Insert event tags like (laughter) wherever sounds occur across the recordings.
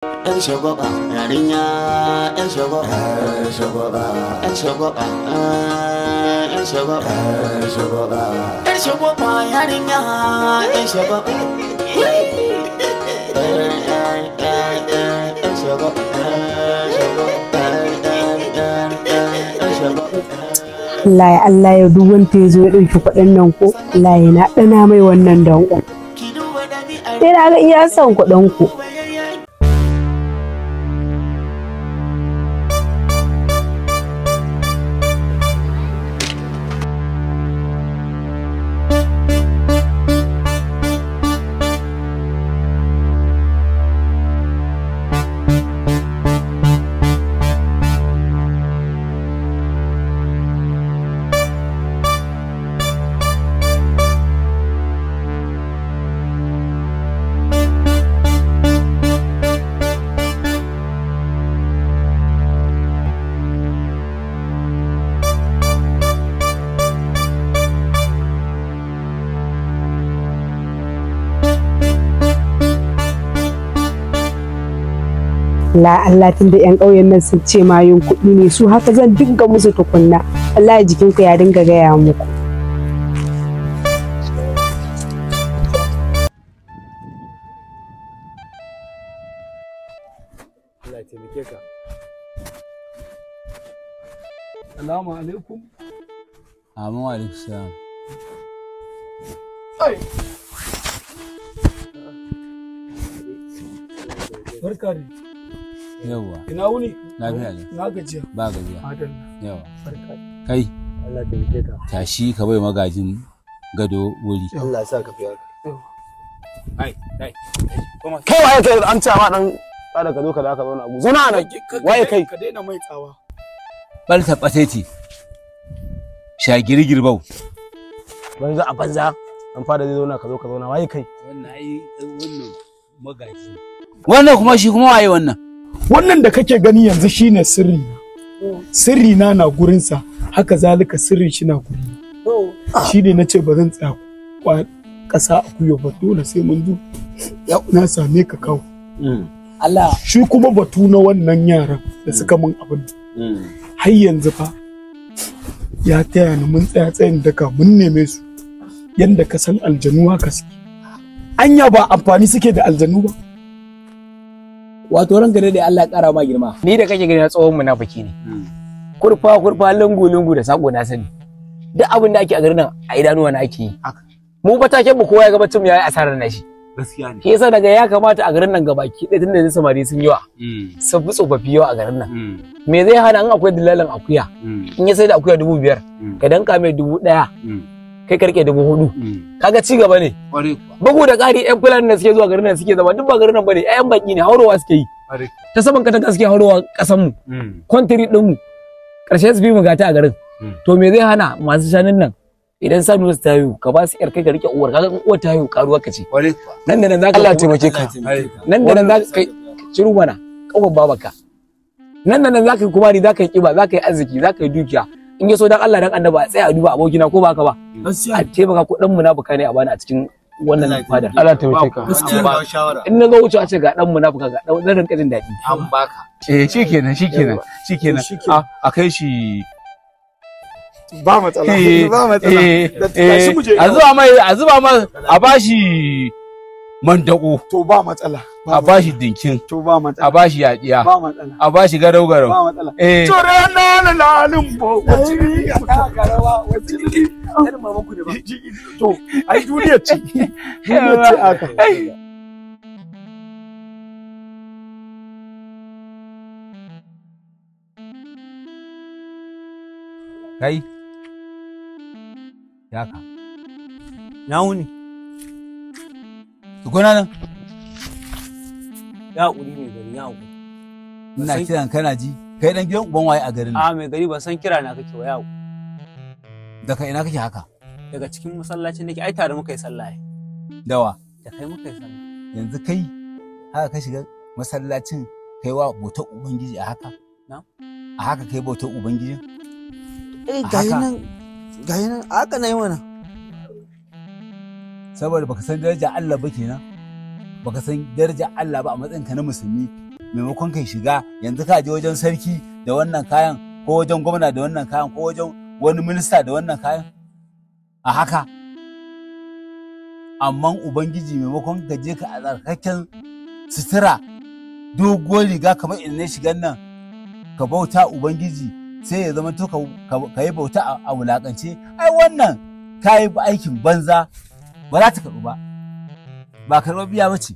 'yan yarinya 'yan 'yan 'yan eh, 'yan 'yan 'yan 'yan eh, eh, 'yan Allah ya Allah ya duk wanda ya zo ya ɗauki kuɗin nan ko Allah na ɗana mai wannan danko. Ina ga iya son kuɗin ku. la Allah tunda yan ƙauyen nan sun ce ma yin kuɗi ne su haka zan dinga musu tukunna Allah ya jikinku ya dinga gaya muku Allah taimake ka Assalamu alaikum Amin wa alaikum salam Ai Barka yawa Ina wuni? Lafiya ne. Na gajiya. Ba gajiya. Madalla. yawa Barka. Kai. Allah ta yake ka. Tashi ka bai magajin gado wuri. Allah sa ka fiya. Ai, ai. Kai waye kai an ce ma dan kada ka zo ka zaka zauna a guzu. nan. Waye kai? Ka daina mai tsawa. Bal ta pateti. Sha girgir bau. Banza a banza. An fara zai zauna ka zo ka zauna waye kai? Wannan ai wannan magaji. Wannan kuma shi kuma waye wannan? wannan da kake gani yanzu shine sirri oh. sirri na na gurinsa haka zalika sirri shi na gurin oh. shi ne na ce ba zan tsaya ƙasa a kuyo ba dole sai mun zo na same ka kawo mm. Allah shi kuma batu na wannan yaran da suka mun abin mm. har yanzu fa ya taya ni mun tsaya tsayin daka mun neme su yanda ka san aljanu haka suke anya ba amfani suke da aljanu ba wato ran ranka da Allah ya kara ma girma ni da kake gani na tsohon baki ne hmm. kurfa kurfa lungu lungu da sako na sani duk abin da ake a garin nan a idanuwa na ake yi mu ba taken mu kowa ya gaba tum yayi asarar na shi gaskiya ne yasa daga ya kamata a garin nan gabaki ɗaya tunda da samari sun yiwa. Hmm. sun fi tsofaffi yawa a garin nan hmm. me zai hana in akwai dalalin akuya in ya sai da akuya dubu biyar ka danka mai dubu ɗaya kai karke dubu hudu mm. kaga ci gaba ne bugu da ƙari yan fulani da suke zuwa garin nan suke zama duk ba garin nan bane yan baki ne haurowa suke yi ta saman katanga suke haurowa kasan mu country mm. din mu karshe su bi mu gata a garin mm. to me zai hana masu shanun nan idan sanu su tayo ka ba su yar kai ka rike uwar kaga uwar tayo karuwa ka ce nan da nan zaka Allah taimake ka nan da nan zaka kai ciru mana kawai babaka nan da nan zaka kuma ni zaka yi kiba zaka yi arziki zaka yi dukiya in ya so dan Allah dan a tsaya a duba abokina ko baka ba a taimaka ko dan munafuka ne a bani a cikin wannan fadar Allah ta wuce ka in na zo wuce a ce ga dan munafuka ga dan ran kadin dadi daɗi an baka eh shikenan shikenan shikenan a kai shi ba matsala ba matsala eh, eh, eh, a zuba mai a zuba mai a bashi man dako to ba matsala a bashi dinkin to ba matsala a bashi yaƙiya ba matsala a bashi garau garau ba matsala eh to rana na na lalin bo wace garawa wace irin mama ku ne ba to ai duniya ce (laughs) duniya ce aka kai yaka na wuni Tukuna nan? Ya uri mai gari ya uku Ina kiran kana ji, kai ɗan gidan uban waye a garin nan. A mai gari ban san kira na kake wa ya'u. Daga ina kake haka? Daga cikin masallacin nake ai tare muka yi sallah. Dawa. Da kai muka yi sallah. Yanzu kai haka ka shiga masallacin kai wa bautar ubangiji a haka? A haka kai bautar ubangiji? Eh gayi nan gayi nan a haka na yi mana. saboda baka san daraja Allah ba kenan baka san daraja Allah ba a matsayin ka na musulmi maimakon kai shiga yanzu ka je wajen sarki da wannan kayan ko wajen gwamna da wannan kayan ko wajen wani minista da wannan kayan a haka amma ubangiji maimakon ka je ka a tsarkaken sutura doguwar riga kamar ne shigan nan ka bauta ubangiji sai ya zama to ka yi bauta a wulakance ai wannan ka yi aikin banza ba za ta karɓu ba ba karɓar biya ba ce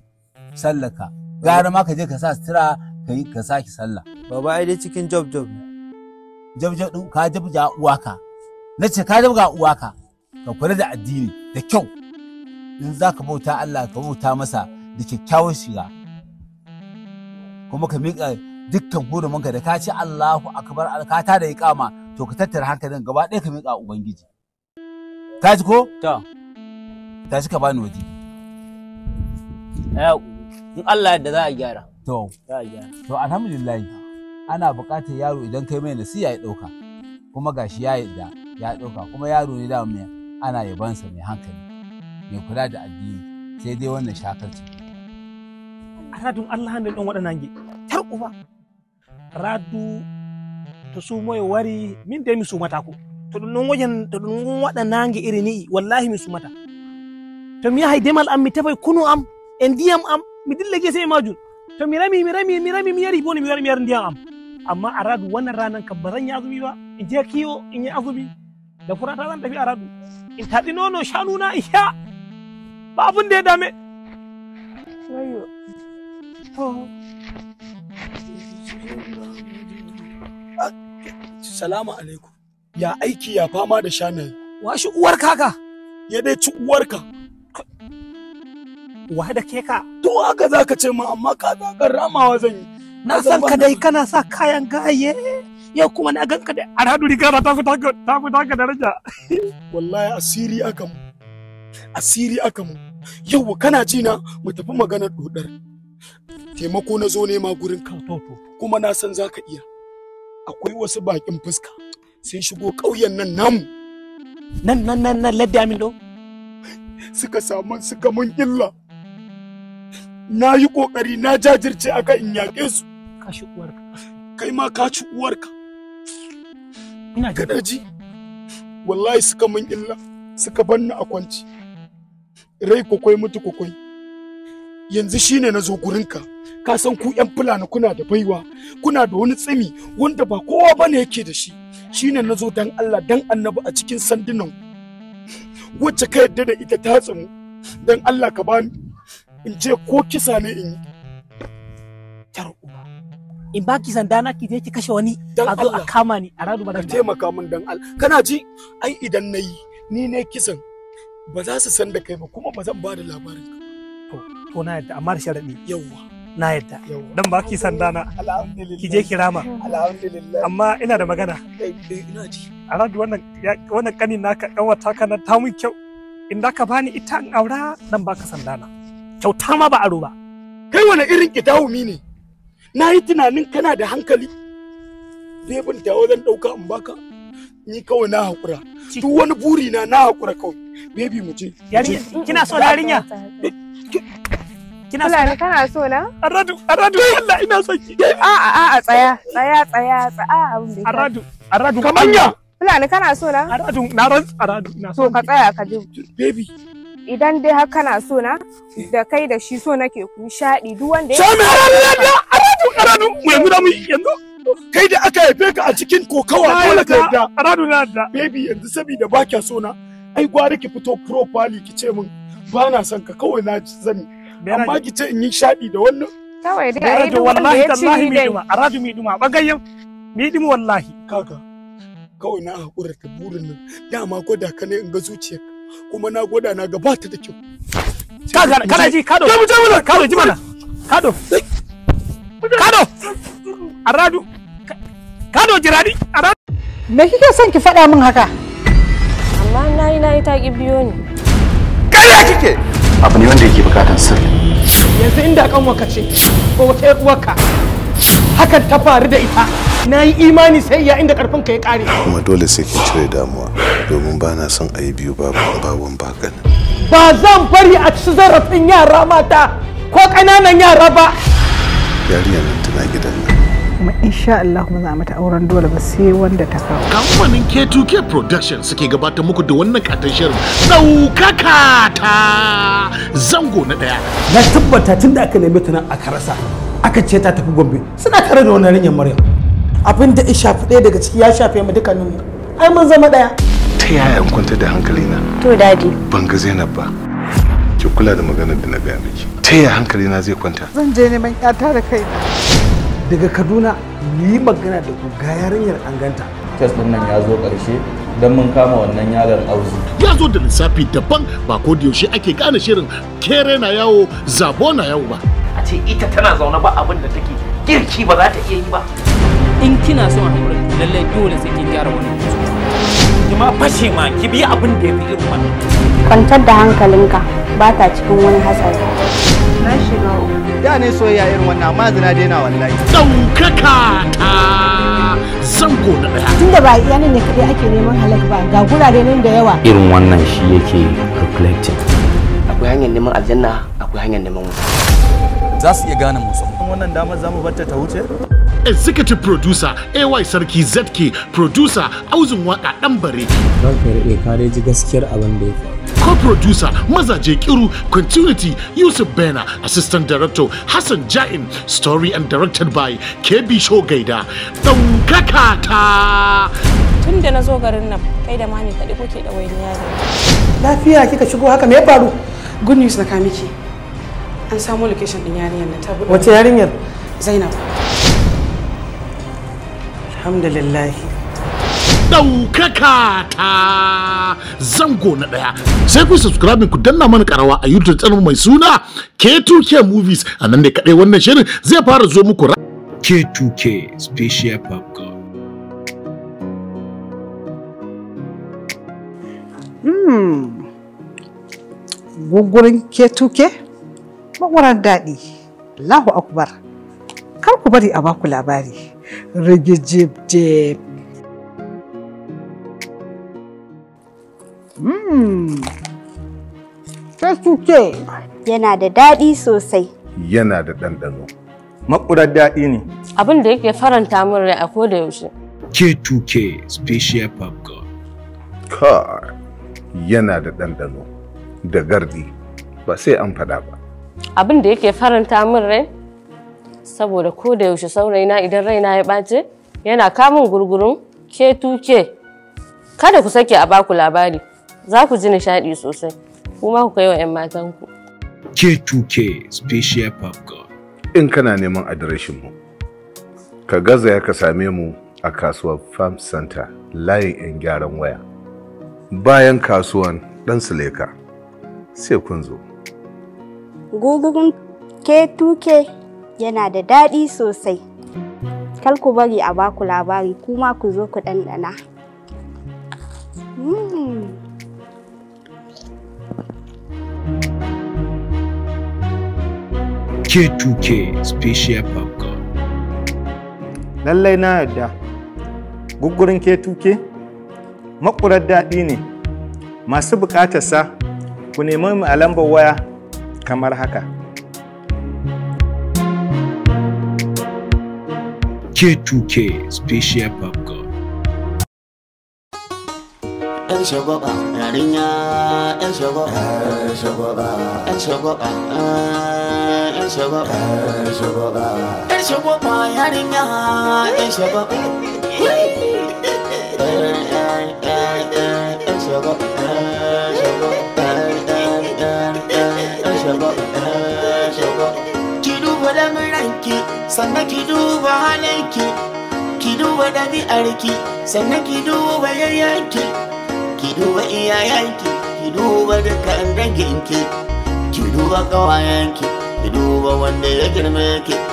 sallaka gara ma ka je ka sa sutura ka yi ka saki sallah baba ai dai cikin job job job job din ka jabja uwaka na ce ka ga uwaka ka kula da addini da kyau in za ka bauta Allah ka bauta masa da kyakkyawar shiga kuma ka miƙa dukkan hurumanka da ka ci Allahu akbar alkata da iqama to ka tattara hankalin gaba ɗaya ka miƙa ubangiji ka ji ko tashi ka bani waje in Allah yadda za a gyara to za a gyara to alhamdulillah ana buƙatar yaro idan kai mai nasiya ya ɗauka kuma gashi ya yadda ya ɗauka kuma yaro ne da mai ana yabansa mai hankali mai kula da addini sai dai wannan A radun Allah hannun ɗan waɗannan ge tar ba, radu ta su mai wari min da mi su mata ko ta dun wajen ta dun waɗannan ge irin ni wallahi mi su mata to mi yahay demal am mi tefay kunu am e ndiyam am mi dilla gese e majum to mi rami mi rami mi rami mi yari boni mi wari mi yari ndiyam am amma aradu wannan ranan ka baran zan yi azumi ba in je kiwo in yi azumi da furata zan tafi aradu in taɗi nono shanuna in sha ba abin da ya dame Salamu alaikum. Ya aiki ya fama da shanaye. Washi uwar kaka. Ya dai ci uwarka. wa da ke ka to haka zaka ce ma amma ka zaka ramawa zan yi na san ka dai kana sa kayan gaye yau kuma na ganka da aradu riga ta fita ta fita ka daraja wallahi asiri aka mu asiri aka mu yau kana ji na mu tafi maganar dodar taimako na zo ne ma gurin ka kuma na san zaka iya akwai wasu bakin fuska sun shigo ƙauyen nan namu nan nan nan nan ladda min do suka samu suka mun illa na yi ƙoƙari na jajirce aka in yaƙe su. Ka shi uwarka. Kai ma ka ci uwarka. Ina ji. ji? Wallahi suka min illa suka banna a kwanci. Rai kwakwai mutu kwakwai. Yanzu shine na zo gurinka. Ka san ku yan fulani kuna da baiwa, kuna da wani tsimi wanda ba kowa bane yake da shi. Shine na zo dan Allah dan annabi a cikin sandunan. Wacce ka yarda da ita ta tsamu, Dan Allah ka bani. in je ko kisa ne in yi uba in baki sanda na ki je ki kashe wani a zo a kama ni a radu ba taimaka min dan al kana ji ai idan nayi ni ne kisan ba za su san da kai ba kuma ba zan ba da labarin to to na yadda amma da sharadi yawwa na yadda dan baki sanda na ki je rama. alhamdulillah amma ina da magana eh, eh, ina ji a radu wannan wannan kanin naka kawata kana ta mun kyau in da ka bani ita an aura dan baka sandana kyauta ma ba aro ba kai wani irin idawumi ne na yi tunanin kana da hankali zai bin ta wajen ɗauka in baka ni kawai na haƙura duk wani buri na na haƙura kawai baby mu je kina so yarinya kina so na kana so na aradu aradu Allah ina so ki a a a tsaya tsaya tsaya tsaya abin da aradu aradu kamanya Fulani kana so na? Aradu, na ran aradu, na so. ka tsaya ka je. Baby, idan dai har kana so na da kai da shi so nake ku shaɗi duk wanda ya so me aradu aradu yanzu da mu yanzu kai da aka haife ka a cikin kokawa dole ka yadda aradu na da baby yanzu saboda ba kya so na ai gwari ki fito properly ki ce min ba na son ka kawai na zani amma ki ce in yi shaɗi da wannan kawai dai ai da wallahi tallahi ci ni aradu mi duma bagayen mi duma wallahi kaka kawai na hakura ta burin nan dama ko da ka ne in ga zuciyarka kuma na gwada na gaba da kyau ji kado kado ji mana kado kado aradu kado jiradi aradu me kike son ki faɗa min haka amma nayi nayi ki biyo ni kariya kike abu ne wanda yake bukatan sirri yanzu inda kanwa ka ce ko wata uwarka hakan ta faru da ita na yi imani sai ya inda karfin ka ya kare kuma dole sai kin cire damuwa domin ba na son a yi biyu babban bakan ba zan bari a ci zarafin yara mata ko ƙananan yara ba yariya nan tana gidan nan kuma insha Allah kuma za mu ta auren dole ba sai wanda ta kawo kamfanin K2K Production suke gabatar muku da wannan katon shirin daukaka ta zango na daya na tabbata tun da aka neme ta nan aka rasa aka ce ta tafi Gombe suna tare da wannan yarinyar Maryam abin da ya shafi ɗaya daga ciki ya shafe mu dukkaninmu ai mun zama ɗaya ta yaya in kwanta da hankalina to dadi ban ga zainab ba ki kula da maganar da na gaya miki ta yaya hankalina zai kwanta zan je neman ƴata da kai daga kaduna ni magana da ku ga yarinyar an ganta kes nan ya zo ƙarshe don mun kama wannan yaron auzu. Ya zo da lissafi daban ba ko da yaushe ake gane shirin kere na yawo zabo na yawo ba. A ce ita tana zaune ba abin da take girki ba za ta iya yi ba. in kina son haƙuri lallai dole sai kin gyara wannan kuma ma fashe ma ki bi abin da yafi irin wannan kwantar da hankalinka ba ta cikin wani hatsari na shiga da ne soyayya irin wannan amma zina daina wallahi ɗaukaka ta zango da daya tunda ba iya nan ne kaɗai ake neman halak ba ga gurare nan da yawa irin wannan shi yake reflecting akwai hanyar neman aljanna akwai hanyar neman wuta za su iya gane musu wannan damar za mu ta wuce executive producer ay sarki zk producer auzun waka dan bare ranka ya kare ji gaskiyar abin da ya co-producer mazaje kiru continuity yusuf bena assistant director hassan jain story and directed by kb shogaida ɗaukaka ta tun da na zo garin nan kai da mami kaɗi kuke da wani yaro lafiya kika shigo haka me ya faru good news na kamiki an samu location din yarinyar nan ta buɗe wace yarinyar zainab alhamdulillah Daukaka ta zango na daya. sai ku subscribe ku danna mana karawa a youtube channel mai suna k2k movies a nan ne kaɗai wannan shirin zai fara zo muku k2k special popcorn Hmm. Gugurin K2K? Makwarar daɗi. Allahu Akbar. kar ku bari a baku labari rigijibje hmm. suke yana da daɗi sosai yana da ɗanɗano makurar daɗi ne abin da yake faranta min rai a koda yaushe k2k special popcorn car yana da ɗanɗano da gardi ba sai an faɗa ba abin da yake faranta min rai saboda ko da yaushe saurayina idan raina ya ɓace yana kamun gurgurun ke tuke kada ku sake a baku labari za ku ji nishaɗi sosai kuma ku kai wa 'yan matanku. K2K Special Popcorn. In kana neman adireshin mu, ka gaza ya ka same mu a kasuwar Farm Center layin 'yan gyaran waya. Bayan kasuwan dan Suleka, sai kun zo. Gugugun k 2 yana da daɗi sosai kar ku bari a baku labari kuma ku zo ku ɗanɗana K2K hmm. Special Popcorn. Lallai na yarda, guggurin K2K makurar daɗi ne, masu buƙatarsa ku nemi mu a lambar waya kamar haka. K2K Special Popcorn. Hey. ki duba halarki ki duba ɗabi'arki sannan ki duba yayyanki ki duba iyayenki ki duba dukkan danginki ki duba ƙawayenki ki duba wanda ya girme ki